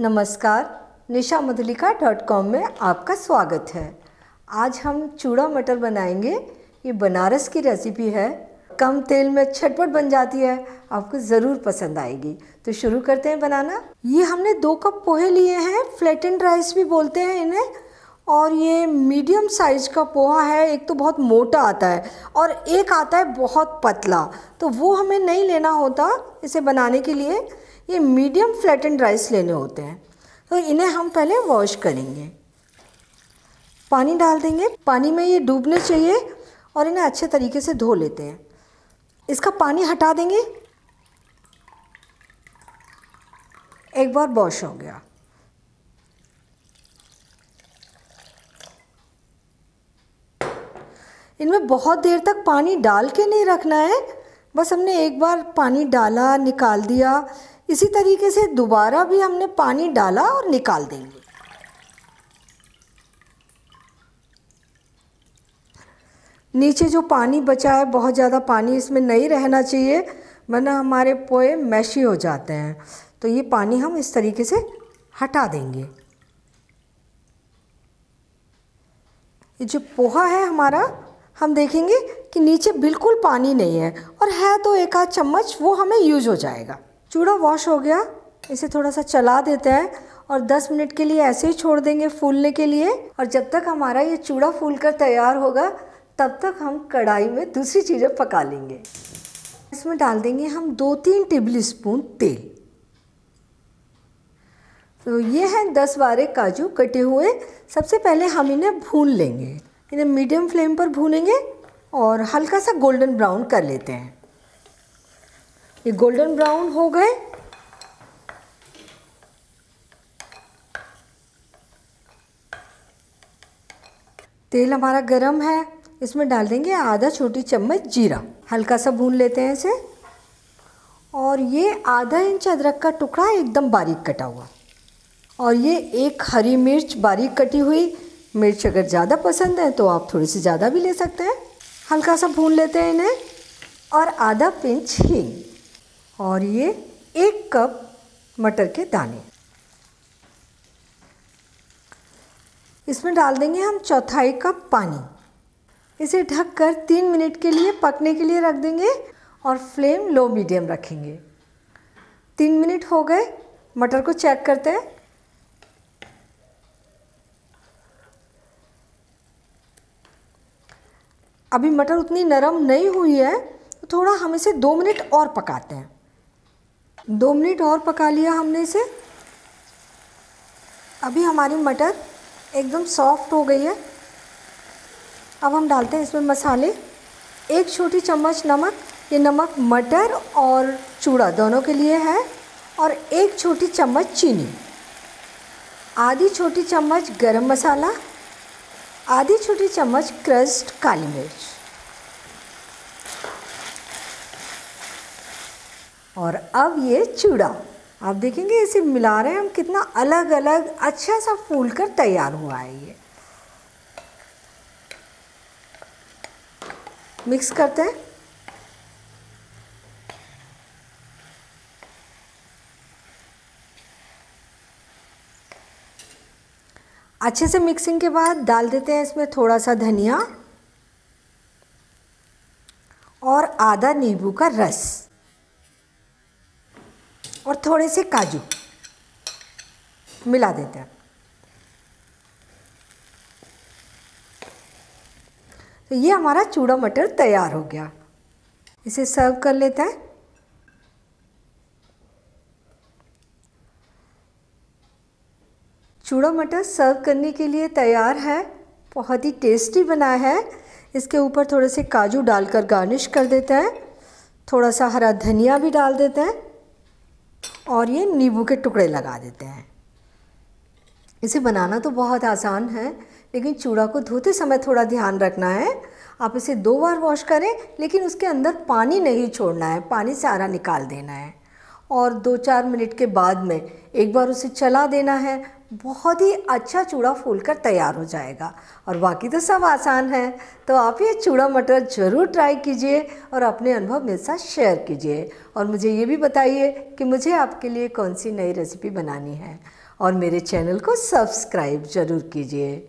नमस्कार Nisha Madhulika dot com में आपका स्वागत है आज हम चूड़ा मटर बनाएंगे ये बनारस की रेसिपी है कम तेल में छटपट बन जाती है आपको ज़रूर पसंद आएगी तो शुरू करते हैं बनाना ये हमने दो कप पोहे लिए हैं फ्लैटेंड राइस भी बोलते हैं इन्हें और ये मीडियम साइज का पोहा है एक तो बहुत मोटा आता है और एक आता है बहुत पतला तो वो हमें नहीं लेना होता इसे बनाने के लिए ये मीडियम फ्लैटेंड राइस लेने होते हैं तो इन्हें हम पहले वॉश करेंगे पानी डाल देंगे पानी में ये डूबने चाहिए और इन्हें अच्छे तरीके से धो लेते हैं इसका पानी हटा देंगे एक बार वॉश हो गया इनमें बहुत देर तक पानी डाल के नहीं रखना है बस हमने एक बार पानी डाला निकाल दिया इसी तरीके से दोबारा भी हमने पानी डाला और निकाल देंगे नीचे जो पानी बचा है बहुत ज़्यादा पानी इसमें नहीं रहना चाहिए वरना हमारे पोए मैशी हो जाते हैं तो ये पानी हम इस तरीके से हटा देंगे ये जो पोहा है हमारा हम देखेंगे कि नीचे बिल्कुल पानी नहीं है और है तो एक आध चम्मच वो हमें यूज हो जाएगा चूड़ा वॉश हो गया इसे थोड़ा सा चला देते हैं और 10 मिनट के लिए ऐसे ही छोड़ देंगे फूलने के लिए और जब तक हमारा ये चूड़ा फूल कर तैयार होगा तब तक हम कढ़ाई में दूसरी चीज़ें पका लेंगे इसमें डाल देंगे हम दो तीन टेबल स्पून तेल तो ये हैं दस बारह काजू कटे हुए सबसे पहले हम इन्हें भून लेंगे इन्हें मीडियम फ्लेम पर भूनेंगे और हल्का सा गोल्डन ब्राउन कर लेते हैं ये गोल्डन ब्राउन हो गए तेल हमारा गरम है इसमें डाल देंगे आधा छोटी चम्मच जीरा हल्का सा भून लेते हैं इसे और ये आधा इंच अदरक का टुकड़ा एकदम बारीक कटा हुआ और ये एक हरी मिर्च बारीक कटी हुई मिर्च अगर ज़्यादा पसंद है तो आप थोड़ी सी ज़्यादा भी ले सकते हैं हल्का सा भून लेते हैं इन्हें और आधा पिंच हींग और ये एक कप मटर के दाने इसमें डाल देंगे हम चौथाई कप पानी इसे ढककर तीन मिनट के लिए पकने के लिए रख देंगे और फ्लेम लो मीडियम रखेंगे तीन मिनट हो गए मटर को चेक करते हैं अभी मटर उतनी नरम नहीं हुई है तो थोड़ा हम इसे दो मिनट और पकाते हैं दो मिनट और पका लिया हमने इसे अभी हमारी मटर एकदम सॉफ्ट हो गई है अब हम डालते हैं इसमें मसाले एक छोटी चम्मच नमक ये नमक मटर और चूड़ा दोनों के लिए है और एक छोटी चम्मच चीनी आधी छोटी चम्मच गरम मसाला आधी छोटी चम्मच क्रस्ट काली मिर्च और अब ये चूड़ा आप देखेंगे इसे मिला रहे हैं हम कितना अलग अलग अच्छा सा फूल कर तैयार हुआ है ये मिक्स करते हैं अच्छे से मिक्सिंग के बाद डाल देते हैं इसमें थोड़ा सा धनिया और आधा नींबू का रस और थोड़े से काजू मिला देते हैं तो ये हमारा चूड़ा मटर तैयार हो गया इसे सर्व कर लेते हैं चूड़ा मटर सर्व करने के लिए तैयार है बहुत ही टेस्टी बना है इसके ऊपर थोड़े से काजू डालकर गार्निश कर देते हैं थोड़ा सा हरा धनिया भी डाल देते हैं और ये नींबू के टुकड़े लगा देते हैं इसे बनाना तो बहुत आसान है लेकिन चूड़ा को धोते समय थोड़ा ध्यान रखना है आप इसे दो बार वॉश करें लेकिन उसके अंदर पानी नहीं छोड़ना है पानी सारा निकाल देना है और दो चार मिनट के बाद में एक बार उसे चला देना है बहुत ही अच्छा चूड़ा फूल कर तैयार हो जाएगा और बाकी तो सब आसान है तो आप ये चूड़ा मटर ज़रूर ट्राई कीजिए और अपने अनुभव मेरे साथ शेयर कीजिए और मुझे ये भी बताइए कि मुझे आपके लिए कौन सी नई रेसिपी बनानी है और मेरे चैनल को सब्सक्राइब ज़रूर कीजिए